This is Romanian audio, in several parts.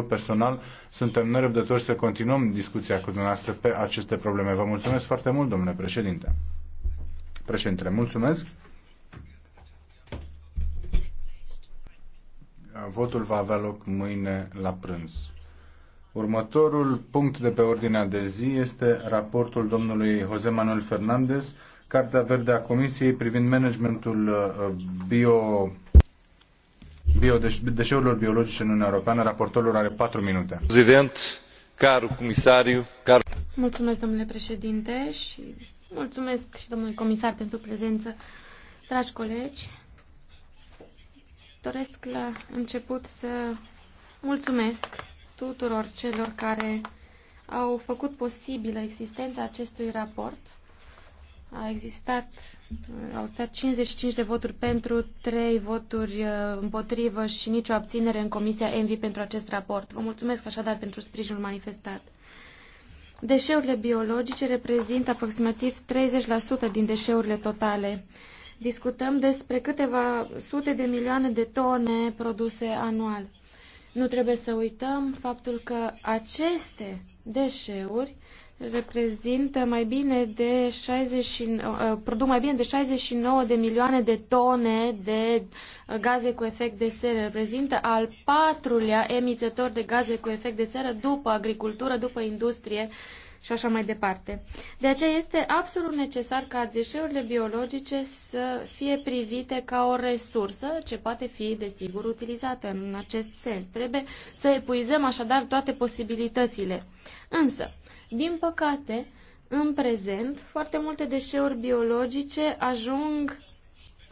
personal suntem nerăbdători să continuăm discuția cu dumneavoastră pe aceste probleme. Vă mulțumesc foarte mult, domnule președinte. Președinte, mulțumesc. Votul va avea loc mâine la prânz. Următorul punct de pe ordinea de zi este raportul domnului Jose Manuel Fernandez, Cartea Verde a Comisiei privind managementul uh, bio biodeșeurilor biologice în Uniunea Europeană. Raportorul are 4 minute. Prezident, caru comisariu, caru... Mulțumesc, domnule președinte, și mulțumesc și domnului comisar pentru prezență. Dragi colegi, doresc la început să mulțumesc tuturor celor care au făcut posibilă existența acestui raport a existat, au stat 55 de voturi pentru, 3 voturi uh, împotrivă și nicio abținere în Comisia Envi pentru acest raport. Vă mulțumesc așadar pentru sprijinul manifestat. Deșeurile biologice reprezintă aproximativ 30% din deșeurile totale. Discutăm despre câteva sute de milioane de tone produse anual. Nu trebuie să uităm faptul că aceste deșeuri reprezintă mai bine de 60 uh, uh, produc mai bine de 69 de milioane de tone de uh, gaze cu efect de seră. Reprezintă al patrulea emițător de gaze cu efect de seră după agricultură, după industrie și așa mai departe. De aceea este absolut necesar ca deșeurile biologice să fie privite ca o resursă ce poate fi, desigur, utilizată în acest sens. Trebuie să epuizăm așadar toate posibilitățile. Însă, din păcate, în prezent, foarte multe deșeuri biologice ajung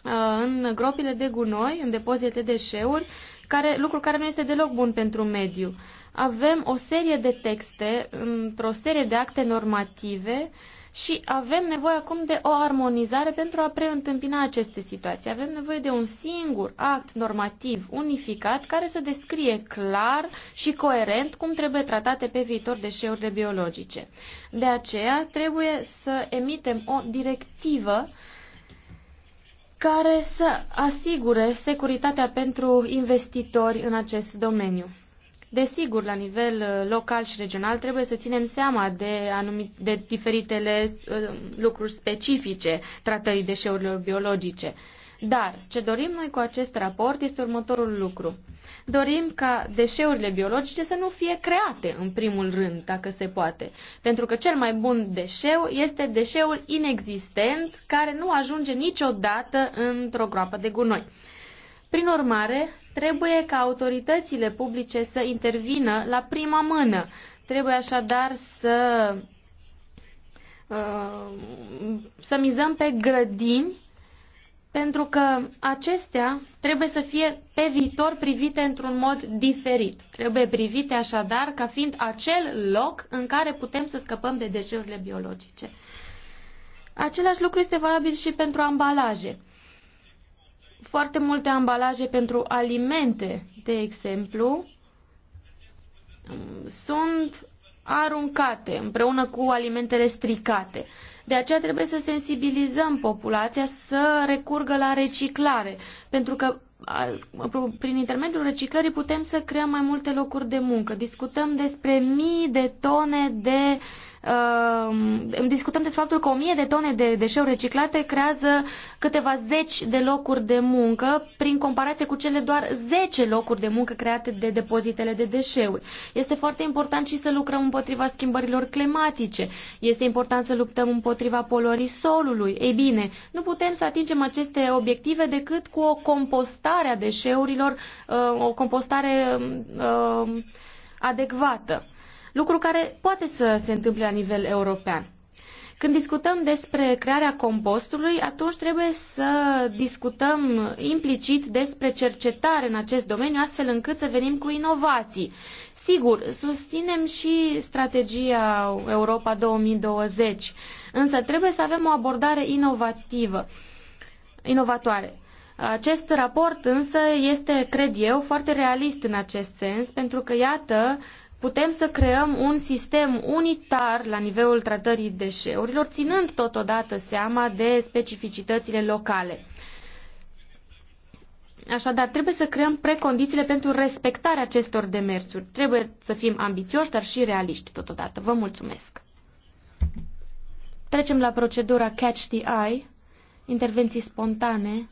uh, în gropile de gunoi, în depozite de deșeuri, care, lucru care nu este deloc bun pentru mediu avem o serie de texte într-o serie de acte normative și avem nevoie acum de o armonizare pentru a preîntâmpina aceste situații. Avem nevoie de un singur act normativ unificat care să descrie clar și coerent cum trebuie tratate pe viitor deșeurile biologice. De aceea trebuie să emitem o directivă care să asigure securitatea pentru investitori în acest domeniu. Desigur, la nivel uh, local și regional trebuie să ținem seama de, anumit, de diferitele uh, lucruri specifice tratării deșeurilor biologice. Dar ce dorim noi cu acest raport este următorul lucru. Dorim ca deșeurile biologice să nu fie create în primul rând, dacă se poate. Pentru că cel mai bun deșeu este deșeul inexistent care nu ajunge niciodată într-o groapă de gunoi. Prin urmare, trebuie ca autoritățile publice să intervină la prima mână. Trebuie așadar să, uh, să mizăm pe grădini pentru că acestea trebuie să fie pe viitor privite într-un mod diferit. Trebuie privite așadar ca fiind acel loc în care putem să scăpăm de deșeurile biologice. Același lucru este valabil și pentru ambalaje foarte multe ambalaje pentru alimente, de exemplu, sunt aruncate împreună cu alimentele stricate. De aceea trebuie să sensibilizăm populația să recurgă la reciclare, pentru că prin intermediul reciclării putem să creăm mai multe locuri de muncă. Discutăm despre mii de tone de uh, discutăm despre faptul că o mie de tone de deșeuri reciclate creează câteva zeci de locuri de muncă, prin comparație cu cele doar zece locuri de muncă create de depozitele de deșeuri. Este foarte important și să lucrăm împotriva schimbărilor climatice. Este important să luptăm împotriva polorii solului. Ei bine, nu putem să atingem aceste obiective decât cu o compostare a deșeurilor, uh, o compostare uh, adecvată lucru care poate să se întâmple la nivel european. Când discutăm despre crearea compostului, atunci trebuie să discutăm implicit despre cercetare în acest domeniu, astfel încât să venim cu inovații. Sigur, susținem și strategia Europa 2020, însă trebuie să avem o abordare inovativă, inovatoare. Acest raport însă este, cred eu, foarte realist în acest sens, pentru că, iată, putem să creăm un sistem unitar la nivelul tratării deșeurilor, ținând totodată seama de specificitățile locale. Așadar, trebuie să creăm precondițiile pentru respectarea acestor demersuri. Trebuie să fim ambițioși, dar și realiști totodată. Vă mulțumesc! Trecem la procedura Catch the Eye, intervenții spontane.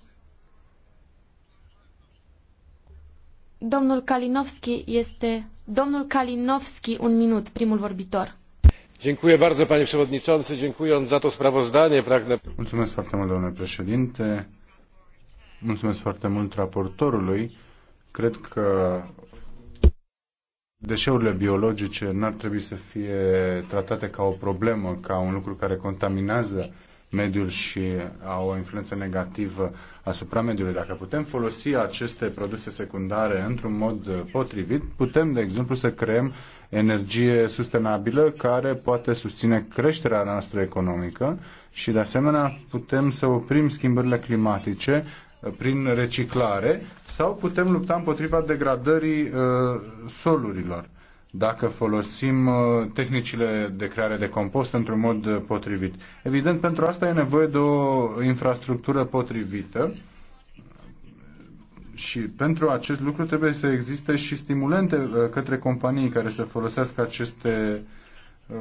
Domnul Kalinowski este Domnul Kalinowski, un minut, primul vorbitor. Dziękuję bardzo, panie przewodniczący. Dziękując za to sprawozdanie, pragnę... Mulțumesc foarte mult, domnule președinte. Mulțumesc foarte mult raportorului. Cred că deșeurile biologice n-ar trebui să fie tratate ca o problemă, ca un lucru care contaminează mediul și au o influență negativă asupra mediului. Dacă putem folosi aceste produse secundare într-un mod potrivit, putem, de exemplu, să creăm energie sustenabilă care poate susține creșterea noastră economică și, de asemenea, putem să oprim schimbările climatice prin reciclare sau putem lupta împotriva degradării uh, solurilor dacă folosim uh, tehnicile de creare de compost într-un mod potrivit. Evident, pentru asta e nevoie de o infrastructură potrivită și pentru acest lucru trebuie să existe și stimulente uh, către companii care să folosească aceste uh,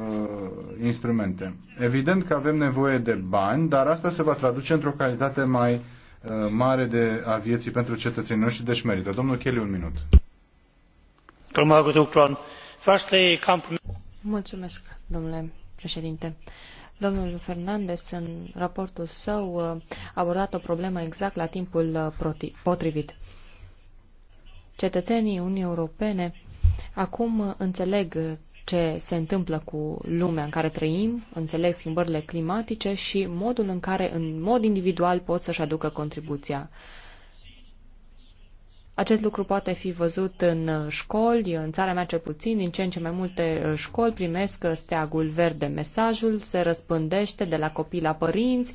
instrumente. Evident că avem nevoie de bani, dar asta se va traduce într-o calitate mai uh, mare de a vieții pentru cetățenii noștri, deci merită. Domnul Kelly, un minut. Mulțumesc, domnule președinte. Domnul Fernandez, în raportul său, a abordat o problemă exact la timpul uh, potrivit. Cetățenii Uniunii Europene acum înțeleg ce se întâmplă cu lumea în care trăim, înțeleg schimbările climatice și modul în care, în mod individual, pot să-și aducă contribuția. Acest lucru poate fi văzut în uh, școli, în țara mea cel puțin, din ce în ce mai multe uh, școli primesc uh, steagul verde. Mesajul se răspândește de la copii la părinți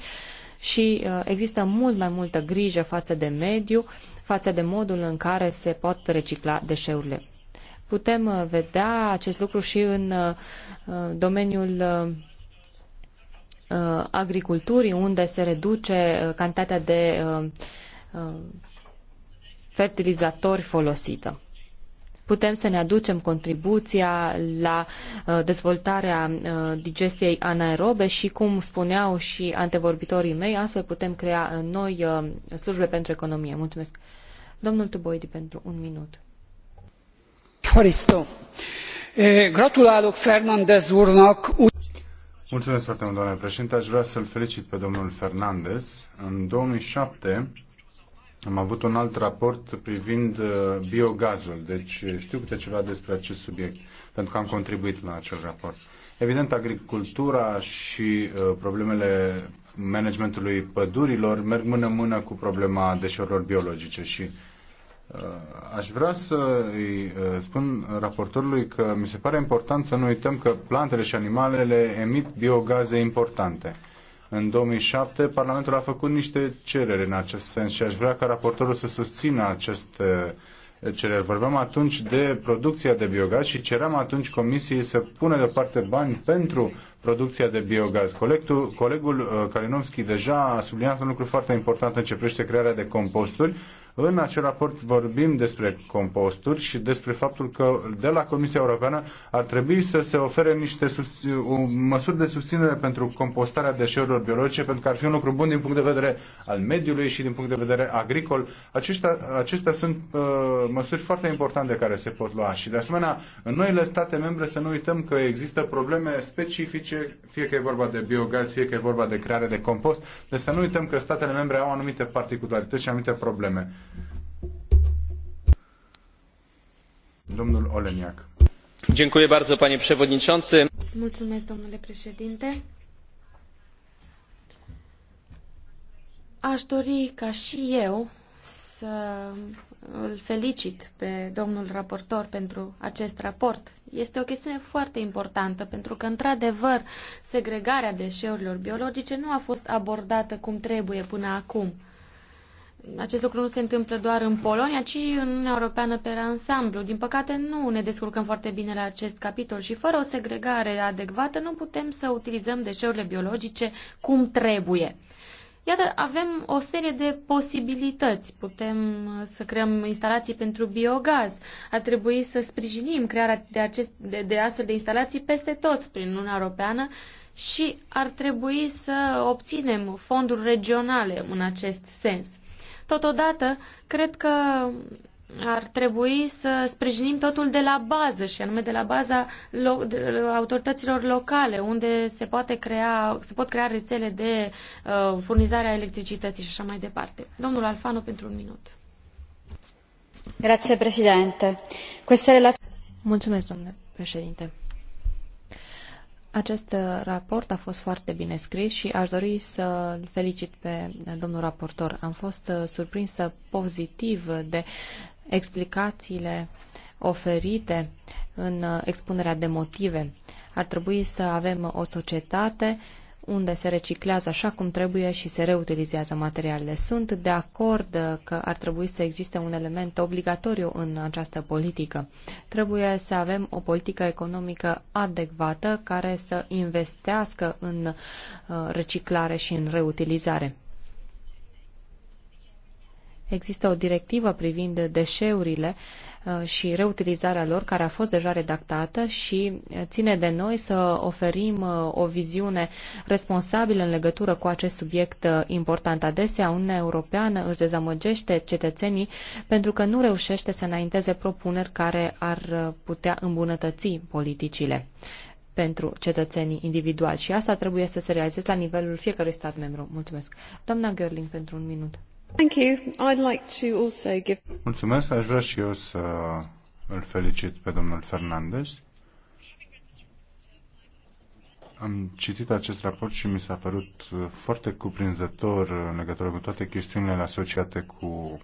și există mult mai multă grijă față de mediu, față de modul în care se pot recicla deșeurile. Putem vedea acest lucru și în domeniul agriculturii, unde se reduce cantitatea de fertilizatori folosită. Putem să ne aducem contribuția la uh, dezvoltarea uh, digestiei anaerobe și, cum spuneau și antevorbitorii mei, astfel putem crea uh, noi slujbe pentru economie. Mulțumesc. Domnul Tuboidi, pentru un minut. Haristo. Gratulálok Fernandez úrnak. Mulțumesc foarte mult, doamne președinte. Aș vrea să-l felicit pe domnul Fernandez. În 2007, am avut un alt raport privind uh, biogazul, deci uh, știu câte ceva despre acest subiect, pentru că am contribuit la acel raport. Evident, agricultura și uh, problemele managementului pădurilor merg mână-mână cu problema deșeurilor biologice și Aș vrea să îi spun raportorului că mi se pare important să nu uităm că plantele și animalele emit biogaze importante. În 2007, Parlamentul a făcut niște cereri în acest sens și aș vrea ca raportorul să susțină aceste cereri. Vorbeam atunci de producția de biogaz și ceream atunci Comisiei să pună deoparte bani pentru producția de biogaz. Colectul, colegul uh, Kalinowski deja a subliniat un lucru foarte important în ce privește crearea de composturi în acel raport vorbim despre composturi și despre faptul că de la Comisia Europeană ar trebui să se ofere niște măsuri de susținere pentru compostarea deșeurilor biologice, pentru că ar fi un lucru bun din punct de vedere al mediului și din punct de vedere agricol. Aceștia, acestea sunt uh, măsuri foarte importante care se pot lua și, de asemenea, în noile state membre să nu uităm că există probleme specifice, fie că e vorba de biogaz, fie că e vorba de creare de compost, deci să nu uităm că statele membre au anumite particularități și anumite probleme. Domnul Oleniac. Dziękuję bardzo, panie przewodniczący. Mulțumesc, domnule președinte. Aș dori ca și eu să îl felicit pe domnul raportor pentru acest raport. Este o chestiune foarte importantă pentru că, într-adevăr, segregarea deșeurilor biologice nu a fost abordată cum trebuie până acum acest lucru nu se întâmplă doar în Polonia, ci în Uniunea Europeană pe ansamblu. Din păcate, nu ne descurcăm foarte bine la acest capitol și fără o segregare adecvată nu putem să utilizăm deșeurile biologice cum trebuie. Iată, avem o serie de posibilități. Putem să creăm instalații pentru biogaz. Ar trebui să sprijinim crearea de, acest, de, de astfel de instalații peste tot prin Uniunea Europeană și ar trebui să obținem fonduri regionale în acest sens. Totodată, cred că ar trebui să sprijinim totul de la bază și anume de la baza lo- de, autorităților locale unde se, poate crea, se pot crea rețele de uh, furnizare a electricității și așa mai departe. Domnul Alfano pentru un minut. Grazie, președinte. Mulțumesc, domnule președinte. Acest uh, raport a fost foarte bine scris și aș dori să felicit pe uh, domnul raportor. Am fost uh, surprinsă pozitiv de explicațiile oferite în expunerea de motive. Ar trebui să avem o societate unde se reciclează așa cum trebuie și se reutilizează materialele. Sunt de acord că ar trebui să existe un element obligatoriu în această politică. Trebuie să avem o politică economică adecvată care să investească în uh, reciclare și în reutilizare. Există o directivă privind deșeurile uh, Uh, și reutilizarea lor, care a fost deja redactată și ține de noi să oferim uh, o viziune responsabilă în legătură cu acest subiect uh, important. Adesea, Uniunea Europeană își dezamăgește cetățenii pentru că nu reușește să înainteze propuneri care ar putea îmbunătăți politicile pentru cetățenii individuali și asta trebuie să se realizeze la nivelul fiecărui stat membru. Mulțumesc. Doamna Görling, pentru un minut. Thank you. I'd like to also give... Mulțumesc, aș vrea și eu să îl felicit pe domnul Fernandez. Am citit acest raport și mi s-a părut foarte cuprinzător în legătură cu toate chestiunile asociate cu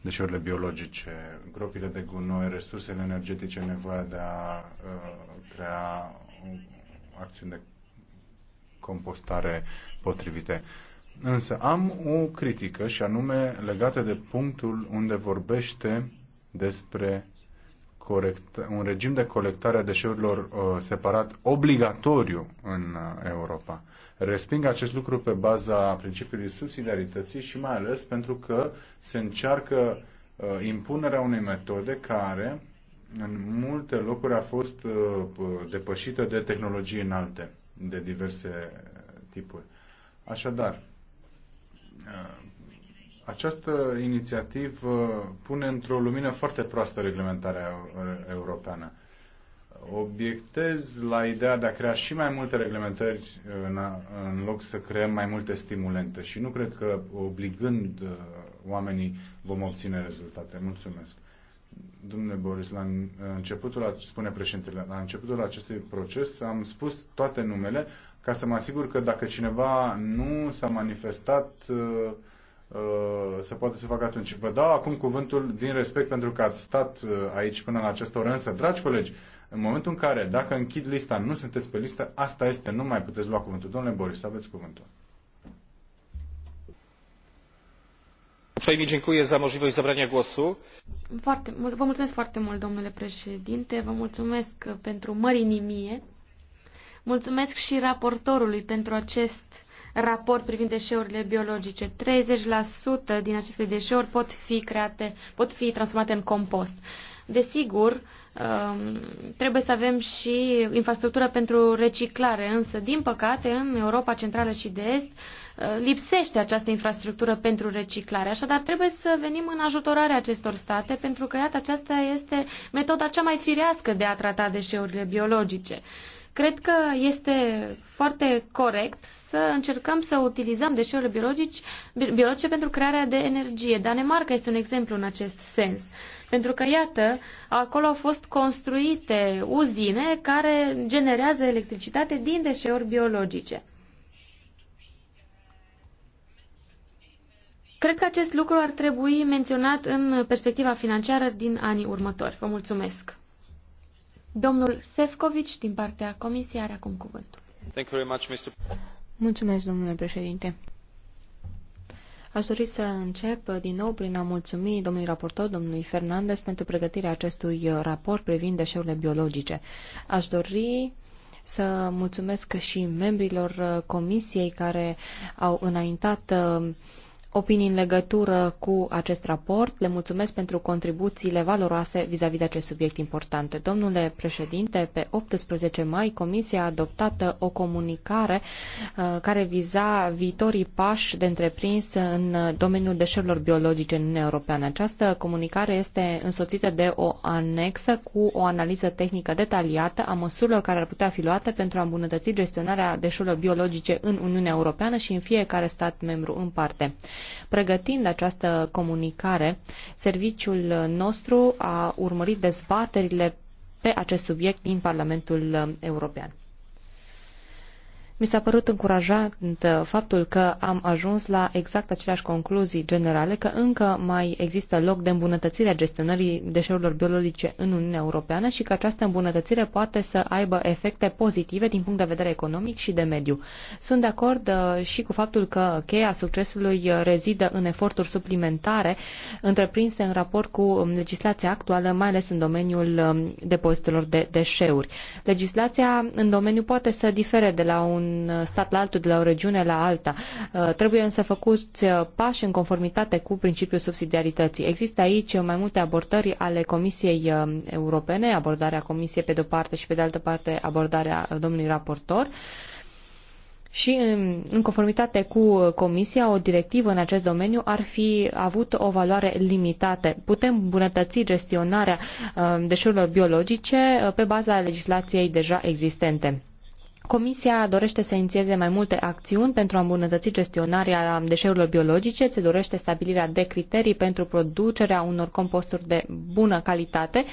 deșeurile biologice, gropile de gunoi, resursele energetice, nevoia de a uh, crea acțiuni de compostare potrivite. Însă am o critică și anume legată de punctul unde vorbește despre corect, un regim de colectare a deșeurilor uh, separat obligatoriu în uh, Europa. Resping acest lucru pe baza principiului subsidiarității și mai ales pentru că se încearcă uh, impunerea unei metode care în multe locuri a fost uh, depășită de tehnologii înalte, de diverse uh, tipuri. Așadar, Uh, această inițiativă pune într-o lumină foarte proastă reglementarea europeană. Obiectez la ideea de a crea și mai multe reglementări în, în loc să creăm mai multe stimulente și nu cred că obligând uh, oamenii vom obține rezultate. Mulțumesc. Domnule Boris, la începutul, spune președintele, la începutul acestui proces am spus toate numele, ca să mă asigur că dacă cineva nu s-a manifestat, uh, uh, se poate să facă atunci. Vă dau acum cuvântul din respect pentru că ați stat uh, aici până la această oră, însă, dragi colegi, în momentul în care, dacă închid lista, nu sunteți pe listă, asta este, nu mai puteți lua cuvântul. Domnule Boris, aveți cuvântul. Uprzejmie dziękuję za możliwość zabrania głosu. Foarte, vă mulțumesc foarte mult, domnule președinte, vă mulțumesc pentru mărinimie. Mulțumesc și raportorului pentru acest raport privind deșeurile biologice. 30% din aceste deșeuri pot fi create, pot fi transformate în compost. Desigur, um, trebuie să avem și infrastructură pentru reciclare, însă, din păcate, în Europa Centrală și de Est uh, lipsește această infrastructură pentru reciclare. Așadar, trebuie să venim în ajutorarea acestor state, pentru că, iată, aceasta este metoda cea mai firească de a trata deșeurile biologice. Cred că este foarte corect să încercăm să utilizăm deșeurile biologici, biologice pentru crearea de energie. Danemarca este un exemplu în acest sens. Pentru că, iată, acolo au fost construite uzine care generează electricitate din deșeuri biologice. Cred că acest lucru ar trebui menționat în perspectiva financiară din anii următori. Vă mulțumesc! Domnul Sefcovici, din partea Comisiei, are acum cuvântul. Thank you very much, Mr. Mulțumesc, domnule președinte. Aș dori să încep din nou prin a mulțumi domnului raportor, domnului Fernandez, pentru pregătirea acestui uh, raport privind deșeurile biologice. Aș dori să mulțumesc și membrilor uh, comisiei care au înaintat uh, opinii în legătură cu acest raport. Le mulțumesc pentru contribuțiile valoroase vis-a-vis -vis de acest subiect important. Domnule președinte, pe 18 mai Comisia a adoptat o comunicare uh, care viza viitorii pași de întreprins în domeniul deșeurilor biologice în Uniunea Europeană. Această comunicare este însoțită de o anexă cu o analiză tehnică detaliată a măsurilor care ar putea fi luate pentru a îmbunătăți gestionarea deșeurilor biologice în Uniunea Europeană și în fiecare stat membru în parte. Pregătind această comunicare, serviciul nostru a urmărit dezbaterile pe acest subiect din Parlamentul European. Mi s-a părut încurajant uh, faptul că am ajuns la exact aceleași concluzii generale, că încă mai există loc de îmbunătățire a gestionării deșeurilor biologice în Uniunea Europeană și că această îmbunătățire poate să aibă efecte pozitive din punct de vedere economic și de mediu. Sunt de acord uh, și cu faptul că cheia succesului uh, rezidă în eforturi suplimentare întreprinse în raport cu um, legislația actuală, mai ales în domeniul um, depozitelor de deșeuri. Legislația în domeniu poate să difere de la un un stat la altul, de la o regiune la alta. Uh, trebuie însă făcuți uh, pași în conformitate cu principiul subsidiarității. Există aici mai multe abordări ale Comisiei uh, Europene, abordarea Comisiei pe de-o parte și pe de altă parte abordarea domnului raportor. Și um, în conformitate cu Comisia, o directivă în acest domeniu ar fi avut o valoare limitată. Putem îmbunătăți gestionarea deșeurilor biologice pe baza legislației deja existente. Comisia dorește să inițieze mai multe acțiuni pentru a îmbunătăți gestionarea deșeurilor biologice, se dorește stabilirea de criterii pentru producerea unor composturi de bună calitate,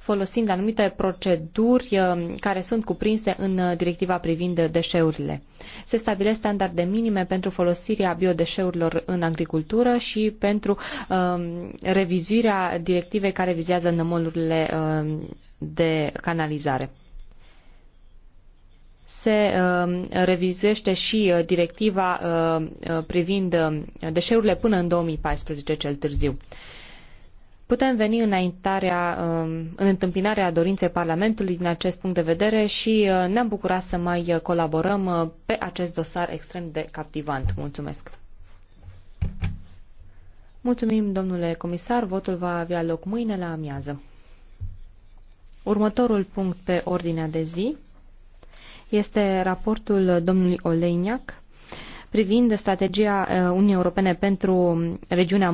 folosind anumite proceduri uh, care sunt cuprinse în directiva privind deșeurile. Se stabilesc standarde minime pentru folosirea biodeșeurilor în agricultură și pentru um, revizuirea directivei care vizează nămolurile um, de canalizare se uh, revizuiește și uh, directiva uh, uh privind uh, deșeurile până în 2014 cel târziu. Putem veni înaintarea, um, în întâmpinarea dorinței Parlamentului din acest punct de vedere și uh, ne-am bucurat să mai colaborăm pe acest dosar extrem de captivant. Mulțumesc! Mulțumim, domnule comisar. Votul va avea loc mâine la amiază. Următorul punct pe ordinea de zi este raportul domnului Oleniac privind strategia uh, Uniunii Europene pentru uh, regiunea